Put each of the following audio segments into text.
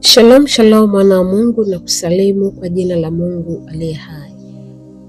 Shalom shalom, mwana wa Mungu na kusalimu kwa jina la Mungu aliye hai.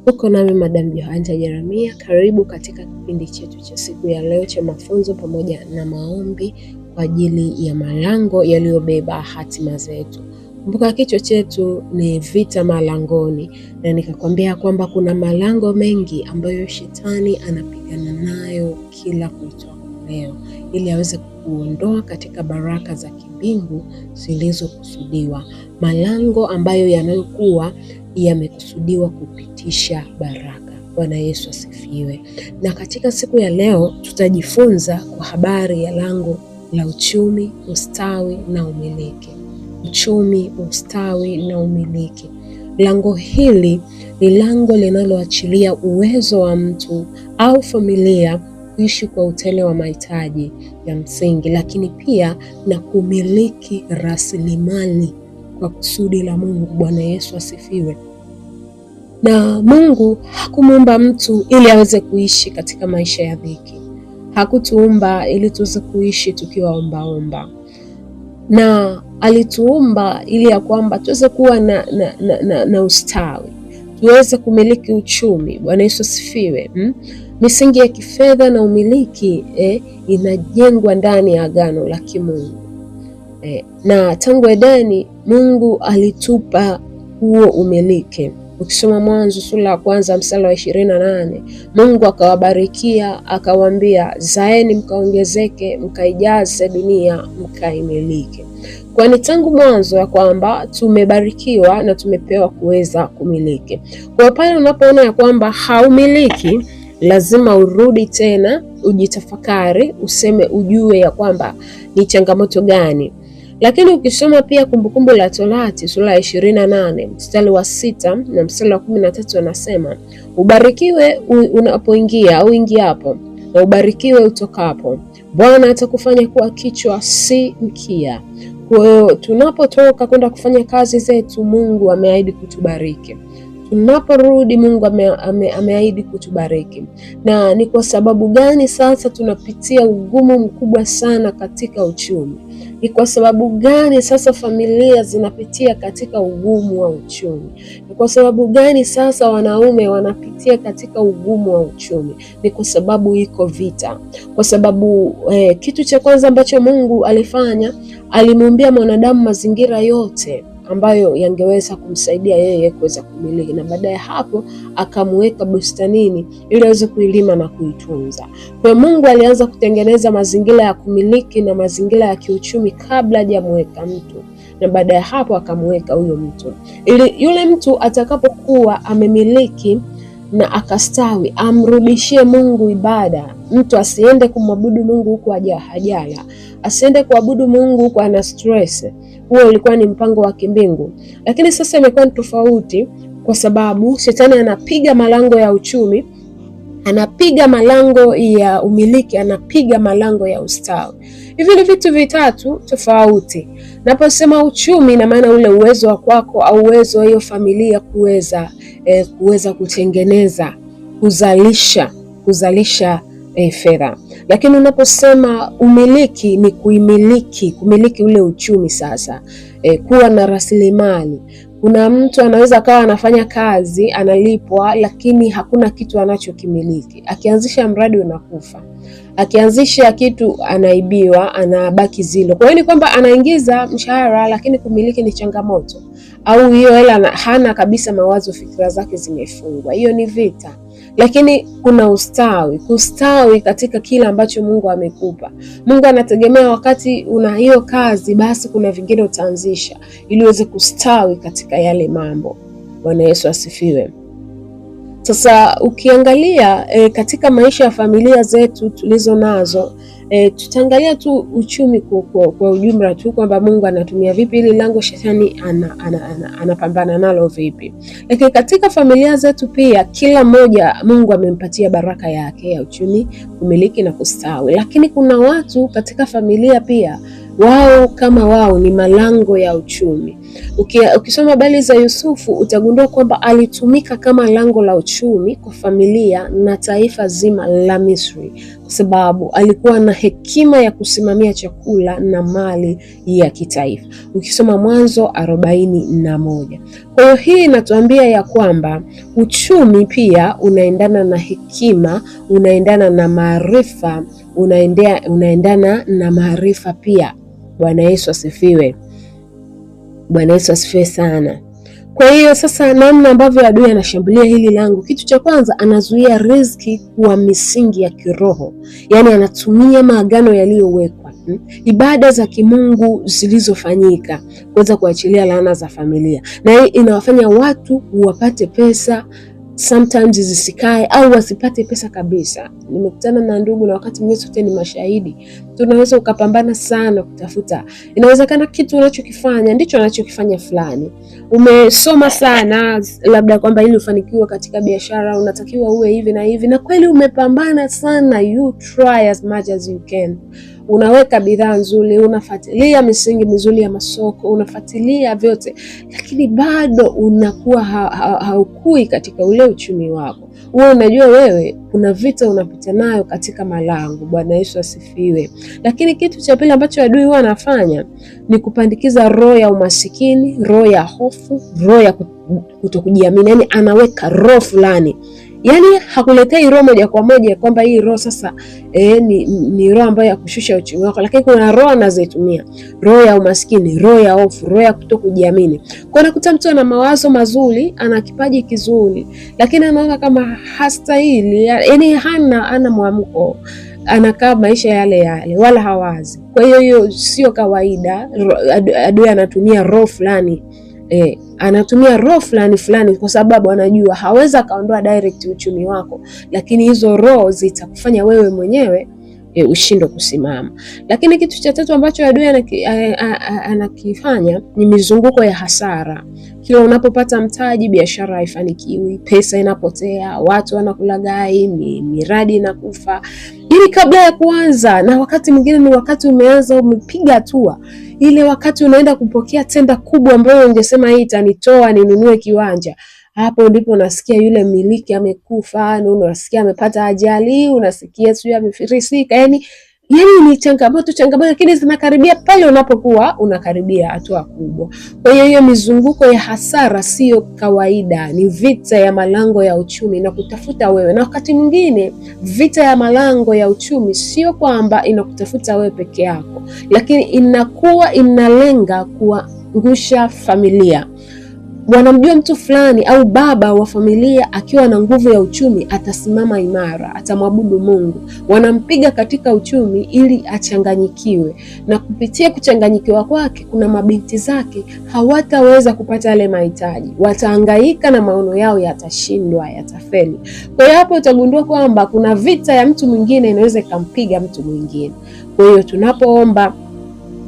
Uko nami Madam Joanja Jeremia, karibu katika kipindi chetu cha siku ya leo cha mafunzo pamoja na maombi kwa ajili ya malango yaliyobeba hatima zetu. Kumbuka kichwa chetu ni vita malangoni, na nikakwambia kwamba kuna malango mengi ambayo shetani anapigana nayo kila kuitwa leo ili aweze kuondoa katika baraka za kimbingu zilizokusudiwa, malango ambayo yanayokuwa yamekusudiwa kupitisha baraka. Bwana Yesu asifiwe. Na katika siku ya leo tutajifunza kwa habari ya lango la uchumi, ustawi na umiliki. Uchumi, ustawi na umiliki. Lango hili ni lango linaloachilia uwezo wa mtu au familia kuishi kwa utele wa mahitaji ya msingi, lakini pia na kumiliki rasilimali kwa kusudi la Mungu. Bwana Yesu asifiwe. Na Mungu hakumuumba mtu ili aweze kuishi katika maisha ya dhiki, hakutuumba ili tuweze kuishi tukiwa ombaomba omba. Na alituumba ili ya kwamba tuweze kuwa na, na, na, na, na ustawi tuweze kumiliki uchumi. Bwana Yesu asifiwe. hmm? Misingi ya kifedha na umiliki eh, inajengwa ndani ya agano la kimungu eh, na tangu Edeni Mungu alitupa huo umiliki Ukisoma Mwanzo sura ya kwanza mstari wa ishirini na nane Mungu akawabarikia akawambia zaeni mkaongezeke, mkaijaze dunia, mkaimiliki Kwani tangu mwanzo ya kwamba tumebarikiwa na tumepewa kuweza kumiliki. Kwa pale unapoona ya kwamba haumiliki, lazima urudi tena, ujitafakari, useme, ujue ya kwamba ni changamoto gani lakini ukisoma pia Kumbukumbu la Torati sura ya ishirini na nane mstari wa sita na mstari wa kumi na tatu anasema ubarikiwe unapoingia au ingiapo na ubarikiwe utokapo. Bwana atakufanya kuwa kichwa, si mkia. Kwa hiyo tunapotoka kwenda kufanya kazi zetu, Mungu ameahidi kutubariki. Tunaporudi Mungu ame, ame, ameahidi kutubariki. Na ni kwa sababu gani sasa tunapitia ugumu mkubwa sana katika uchumi? Ni kwa sababu gani sasa familia zinapitia katika ugumu wa uchumi? Ni kwa sababu gani sasa wanaume wanapitia katika ugumu wa uchumi? Ni kwa sababu iko vita. Kwa sababu eh, kitu cha kwanza ambacho Mungu alifanya alimuumbia mwanadamu mazingira yote ambayo yangeweza kumsaidia yeye kuweza kumiliki, na baadaye hapo akamweka bustanini ili aweze kuilima na kuitunza. Kwa Mungu alianza kutengeneza mazingira ya kumiliki na mazingira ya kiuchumi kabla hajamweka mtu, na baada ya hapo akamweka huyo mtu ili yule mtu atakapokuwa amemiliki na akastawi amrudishie Mungu ibada. Mtu asiende kumwabudu Mungu huko hajala, asiende kuabudu Mungu huko ana stress, huo ulikuwa ni mpango wa kimbingu, lakini sasa imekuwa ni tofauti, kwa sababu shetani anapiga malango ya uchumi, anapiga malango ya umiliki, anapiga malango ya ustawi. Hivi ni vitu vitatu tofauti. Naposema uchumi, na maana ule uwezo wa kwako au uwezo wa hiyo familia kuweza eh, kuweza kutengeneza, kuzalisha, kuzalisha e, fedha. Lakini unaposema umiliki ni kuimiliki, kumiliki ule uchumi sasa, e, kuwa na rasilimali. Kuna mtu anaweza akawa anafanya kazi analipwa, lakini hakuna kitu anachokimiliki. Akianzisha mradi unakufa, akianzisha kitu anaibiwa, anabaki zilo. Kwa hiyo ni kwamba anaingiza mshahara, lakini kumiliki ni changamoto, au hiyo hela hana kabisa mawazo, fikira zake zimefungwa. Hiyo ni vita lakini kuna ustawi, kustawi katika kile ambacho Mungu amekupa. Mungu anategemea wakati una hiyo kazi, basi kuna vingine utaanzisha ili uweze kustawi katika yale mambo. Bwana Yesu asifiwe. Sasa ukiangalia e, katika maisha ya familia zetu tulizo nazo e, tutaangalia tu uchumi kwa ujumla tu kwamba Mungu anatumia vipi ili lango shetani anapambana ana, ana, ana nalo vipi, lakini katika familia zetu pia kila mmoja Mungu amempatia baraka yake ya uchumi, kumiliki na kustawi, lakini kuna watu katika familia pia wao kama wao ni malango ya uchumi. Ukisoma habari za Yusufu utagundua kwamba alitumika kama lango la uchumi kwa familia na taifa zima la Misri, kwa sababu alikuwa na hekima ya kusimamia chakula na mali ya kitaifa. Ukisoma Mwanzo arobaini na moja. Kwa hiyo hii inatuambia ya kwamba uchumi pia unaendana na hekima, unaendana na maarifa, unaendea unaendana na maarifa pia Bwana Yesu asifiwe. Bwana Yesu asifiwe sana. Kwa hiyo sasa, namna ambavyo adui anashambulia hili langu, kitu cha kwanza anazuia riziki kwa misingi ya kiroho, yaani anatumia maagano yaliyowekwa, hmm, ibada za kimungu zilizofanyika kuweza kuachilia laana za familia, na hii inawafanya watu wapate pesa sometimes zisikae au wasipate pesa kabisa. Nimekutana na ndugu, na wakati mwingine sote ni mashahidi, tunaweza ukapambana sana kutafuta. Inawezekana kitu unachokifanya ndicho anachokifanya fulani. Umesoma sana labda kwamba ili ufanikiwe katika biashara unatakiwa uwe hivi na hivi, na kweli umepambana sana, you try as much as you can unaweka bidhaa nzuri, unafuatilia misingi mizuri ya masoko, unafuatilia vyote, lakini bado unakuwa ha ha haukui katika ule uchumi wako. Wewe unajua wewe kuna vita unapita nayo katika malango. Bwana Yesu asifiwe. Lakini kitu cha pili ambacho adui huwa anafanya ni kupandikiza roho ya umasikini, roho ya hofu, roho ya kutokujiamini, yani anaweka roho fulani Yaani hakuletei roho moja kwa moja kwamba hii roho sasa e, ni, ni roho ambayo ya kushusha uchumi wako, lakini kuna roho anazoitumia, roho ya umaskini, roho ya hofu, roho ya kutokujiamini. Kwa nakuta mtu ana mawazo mazuri, ana kipaji kizuri, lakini anaona kama hastahili, yani hana ana mwamko anakaa maisha yale yale, wala hawazi. Kwa hiyo hiyo sio kawaida, adui anatumia roho fulani eh, anatumia roho fulani fulani, kwa sababu anajua hawezi akaondoa direct uchumi wako, lakini hizo roho zitakufanya wewe mwenyewe E, eh, ushindo kusimama. Lakini kitu cha tatu ambacho adui anakifanya ni mizunguko ya hasara. Kila unapopata mtaji, biashara haifanikiwi, pesa inapotea, watu wanakulagai, miradi inakufa ili yaani kabla ya kuanza, na wakati mwingine ni wakati umeanza, umepiga hatua ile wakati unaenda kupokea tenda kubwa ambayo ungesema hii itanitoa ninunue kiwanja, hapo ndipo unasikia yule mmiliki amekufa, unasikia amepata ajali, unasikia sijui amefirisika, yani yani ni changamoto changamoto, lakini zinakaribia pale unapokuwa unakaribia hatua kubwa. Kwa hiyo hiyo mizunguko ya hasara siyo kawaida, ni vita ya malango ya uchumi na kutafuta wewe. Na wakati mwingine vita ya malango ya uchumi sio kwamba inakutafuta wewe peke yako, lakini inakuwa inalenga kuangusha familia wanamjua mtu fulani au baba wa familia akiwa na nguvu ya uchumi atasimama imara, atamwabudu Mungu. Wanampiga katika uchumi ili achanganyikiwe, na kupitia kuchanganyikiwa kwake, kuna mabinti zake hawataweza kupata yale mahitaji, wataangaika na maono yao yatashindwa, yatafeli. Kwa hiyo hapo utagundua kwamba kuna vita ya mtu mwingine inaweza ikampiga mtu mwingine. Kwa hiyo tunapoomba,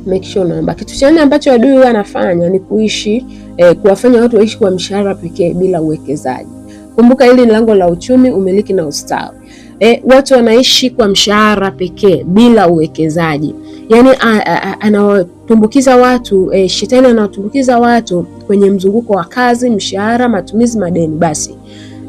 make sure naomba. Kitu cha nne ambacho adui anafanya ni kuishi e, kuwafanya watu waishi kwa mshahara pekee bila uwekezaji. Kumbuka hili ni lango la uchumi, umiliki na ustawi. E, watu wanaishi kwa mshahara pekee bila uwekezaji, yaani anawatumbukiza watu e, shetani anawatumbukiza watu kwenye mzunguko wa kazi, mshahara, matumizi, madeni. Basi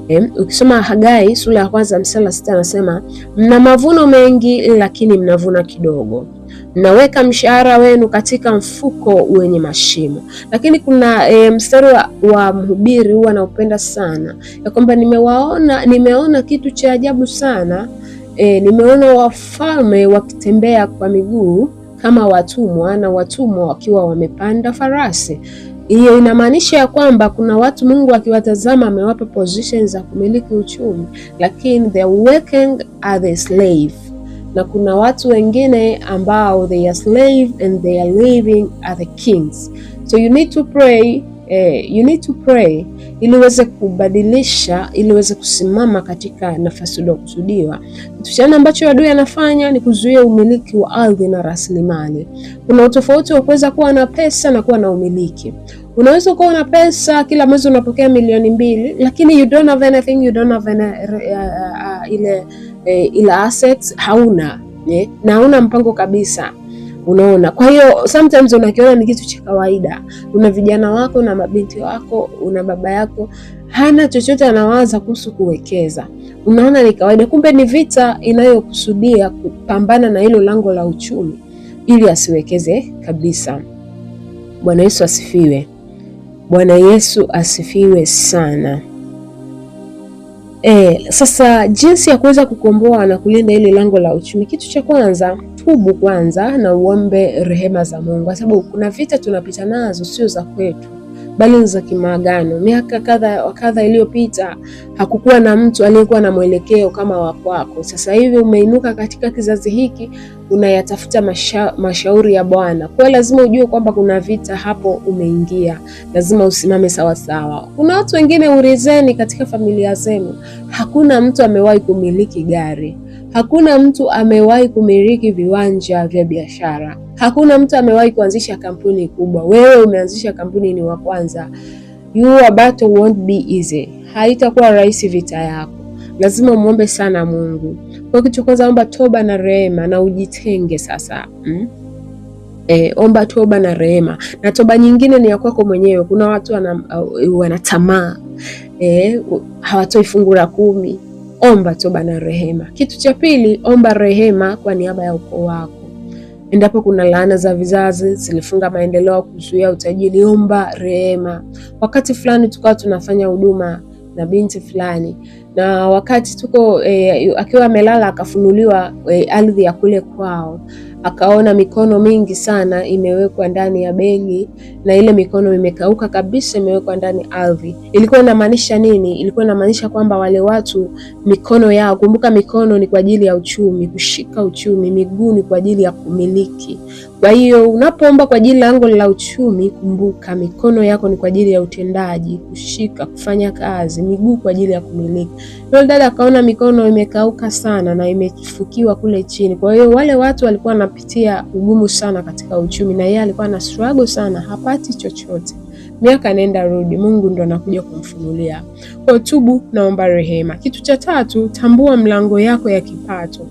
e, ukisoma Hagai sura ya kwanza mstari sita anasema mna mavuno mengi lakini mnavuna kidogo mnaweka mshahara wenu katika mfuko wenye mashimo. Lakini kuna e, mstari wa, wa mhubiri huwa anaupenda sana ya kwamba nimewaona, nimeona kitu cha ajabu sana e, nimeona wafalme wakitembea kwa miguu kama watumwa na watumwa wakiwa wamepanda farasi. Hiyo inamaanisha ya kwamba kuna watu Mungu akiwatazama amewapa position za kumiliki uchumi, lakini are working as a slave na kuna watu wengine ambao they are slave and they are living as the kings. So you need to pray, eh, you need to pray ili uweze kubadilisha, ili uweze kusimama katika nafasi uliokusudiwa. Kitu cha nne ambacho adui anafanya ni kuzuia umiliki wa ardhi na rasilimali. Kuna utofauti wa kuweza kuwa na pesa na kuwa na umiliki. Unaweza kuwa na pesa, kila mwezi unapokea milioni mbili, lakini you don't have anything, you don't have any, uh, uh, uh, ile eh, ila assets hauna eh, na hauna mpango kabisa. Unaona, kwa hiyo sometimes unakiona ni kitu cha kawaida. Una vijana wako, na mabinti wako, una baba yako, hana chochote anawaza kuhusu kuwekeza. Unaona ni kawaida, kumbe ni vita inayokusudia kupambana na hilo lango la uchumi ili asiwekeze kabisa. Bwana Yesu asifiwe. Bwana Yesu asifiwe sana. E, sasa jinsi ya kuweza kukomboa na kulinda ile lango la uchumi, kitu cha kwanza, tubu kwanza na uombe rehema za Mungu, kwa sababu kuna vita tunapita nazo sio za kwetu bali za kimaagano. Miaka kadha wa kadha iliyopita hakukuwa na mtu aliyekuwa na mwelekeo kama wakwako. Sasa hivi umeinuka katika kizazi hiki unayatafuta masha, mashauri ya Bwana. Kwa lazima ujue kwamba kuna vita hapo umeingia, lazima usimame sawasawa. Kuna watu wengine, urizeni katika familia zenu, hakuna mtu amewahi kumiliki gari, hakuna mtu amewahi kumiliki viwanja vya biashara, hakuna mtu amewahi kuanzisha kampuni kubwa. Wewe umeanzisha kampuni, ni wa kwanza. Your battle won't be easy, haitakuwa rahisi vita yako lazima umwombe sana Mungu. Kwa kitu kwanza, omba toba na rehema na ujitenge sasa mm? E, omba toba na rehema, na toba nyingine ni ya kwako mwenyewe. Kuna watu wanatamaa uh, e, hawatoi fungu la kumi. Omba toba na rehema. Kitu cha pili, omba rehema kwa niaba ya ukoo wako. Endapo kuna laana za vizazi zilifunga maendeleo ya kuzuia utajiri, omba rehema. Wakati fulani tukawa tunafanya huduma na binti fulani na wakati tuko e, akiwa amelala akafunuliwa e, ardhi ya kule kwao, akaona mikono mingi sana imewekwa ndani ya begi, na ile mikono imekauka kabisa, imewekwa ndani ardhi. Ilikuwa inamaanisha nini? Ilikuwa inamaanisha kwamba wale watu mikono yao, kumbuka, mikono ni kwa ajili ya uchumi, kushika uchumi, miguu ni kwa ajili ya kumiliki. Kwa hiyo unapoomba kwa ajili lango la uchumi, kumbuka mikono yako ni kwa ajili ya utendaji, kushika, kufanya kazi, miguu kwa ajili ya kumiliki. Yule dada akaona mikono imekauka sana na imefukiwa kule chini. Kwa hiyo wale watu walikuwa wanapitia ugumu sana katika uchumi, na yeye alikuwa na struggle sana, hapati chochote. Miaka nenda rudi, Mungu ndo anakuja kumfunulia. Kwa tubu, naomba rehema. Kitu cha tatu, tambua mlango yako ya kipato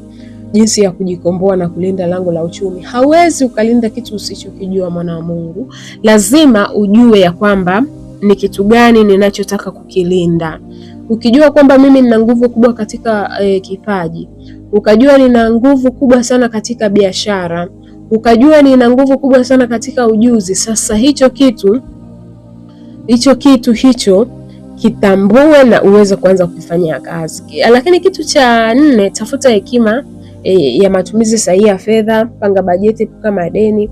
jinsi ya kujikomboa na kulinda lango la uchumi. hawezi ukalinda kitu usichokijua, mwana wa Mungu. Lazima ujue ya kwamba ni kitu gani ninachotaka kukilinda. Ukijua kwamba mimi nina nguvu kubwa katika e, kipaji, ukajua nina nguvu kubwa sana katika biashara, ukajua nina nguvu kubwa sana katika ujuzi. Sasa hicho kitu hicho kitu hicho kitambue na uweze kuanza kufanya kazi. Lakini kitu cha nne, tafuta hekima e, ya matumizi sahihi ya fedha, panga bajeti, epuka madeni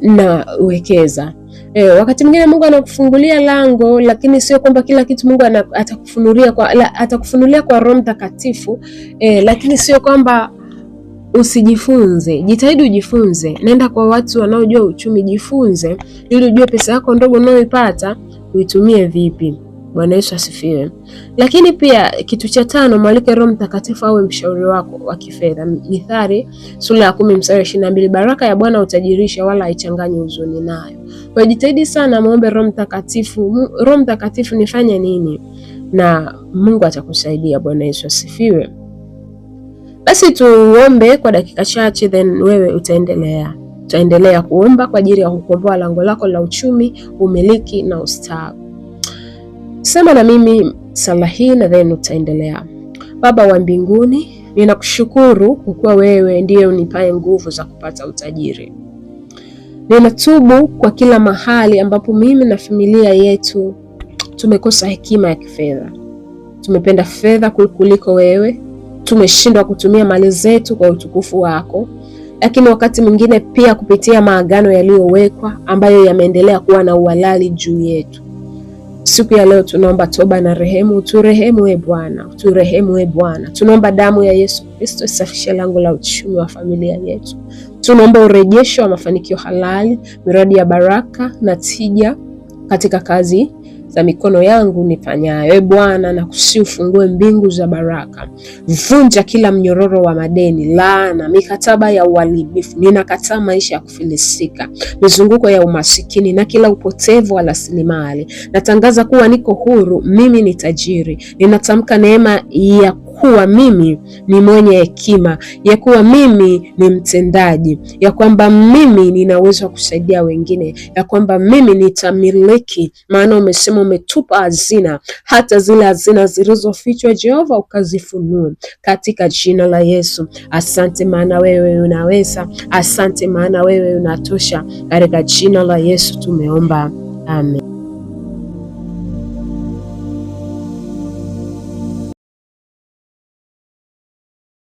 na uwekeza E, wakati mwingine Mungu anakufungulia lango, lakini sio kwamba kila kitu Mungu atakufunulia kwa, la, atakufunulia kwa Roho Mtakatifu e, lakini sio kwamba usijifunze. Jitahidi ujifunze, nenda kwa watu wanaojua uchumi, jifunze ili ujue pesa yako ndogo unayoipata uitumie vipi. Bwana Yesu asifiwe. Lakini pia kitu cha tano, mwalike Roho Mtakatifu awe mshauri wako wa kifedha. Mithali sura ya kumi mstari ishirini na mbili baraka ya Bwana utajirisha wala haichanganyi huzuni nayo. Kwa jitahidi sana, muombe Roho Mtakatifu, Roho Mtakatifu nifanye nini, na Mungu atakusaidia. Bwana Yesu asifiwe. Basi tuombe kwa dakika chache, then wewe utaendelea, tutaendelea kuomba kwa ajili ya kukomboa lango lako la uchumi, umiliki na ustawi. Sema na mimi sala hii na then utaendelea. Baba wa mbinguni, ninakushukuru kwa kuwa wewe ndiye unipaye nguvu za kupata utajiri. Ninatubu kwa kila mahali ambapo mimi na familia yetu tumekosa hekima ya kifedha, tumependa fedha kuliko wewe, tumeshindwa kutumia mali zetu kwa utukufu wako, lakini wakati mwingine pia kupitia maagano yaliyowekwa ambayo yameendelea kuwa na uhalali juu yetu. Siku ya leo tunaomba toba na rehemu, turehemu e Bwana, turehemu e Bwana. Tunaomba damu ya Yesu Kristo isafishe lango la uchumi wa familia yetu. Tunaomba urejesho wa mafanikio halali, miradi ya baraka na tija katika kazi za mikono yangu nifanyayo. E Bwana, kusi ufungue mbingu za baraka, vunja kila mnyororo wa madeni, laana, mikataba ya uharibifu. Ninakataa maisha ya kufilisika, mizunguko ya umasikini na kila upotevu wa rasilimali. Natangaza kuwa niko huru, mimi ni tajiri. Ninatamka neema ya kuwa mimi ni mwenye hekima, ya kuwa mimi ni mtendaji, ya kwamba mimi nina uwezo wa kusaidia wengine, ya kwamba mimi nitamiliki. Maana umesema umetupa hazina, hata zile hazina zilizofichwa, Jehova, ukazifunue katika jina la Yesu. Asante maana wewe unaweza, asante maana wewe unatosha. Katika jina la Yesu tumeomba, amen.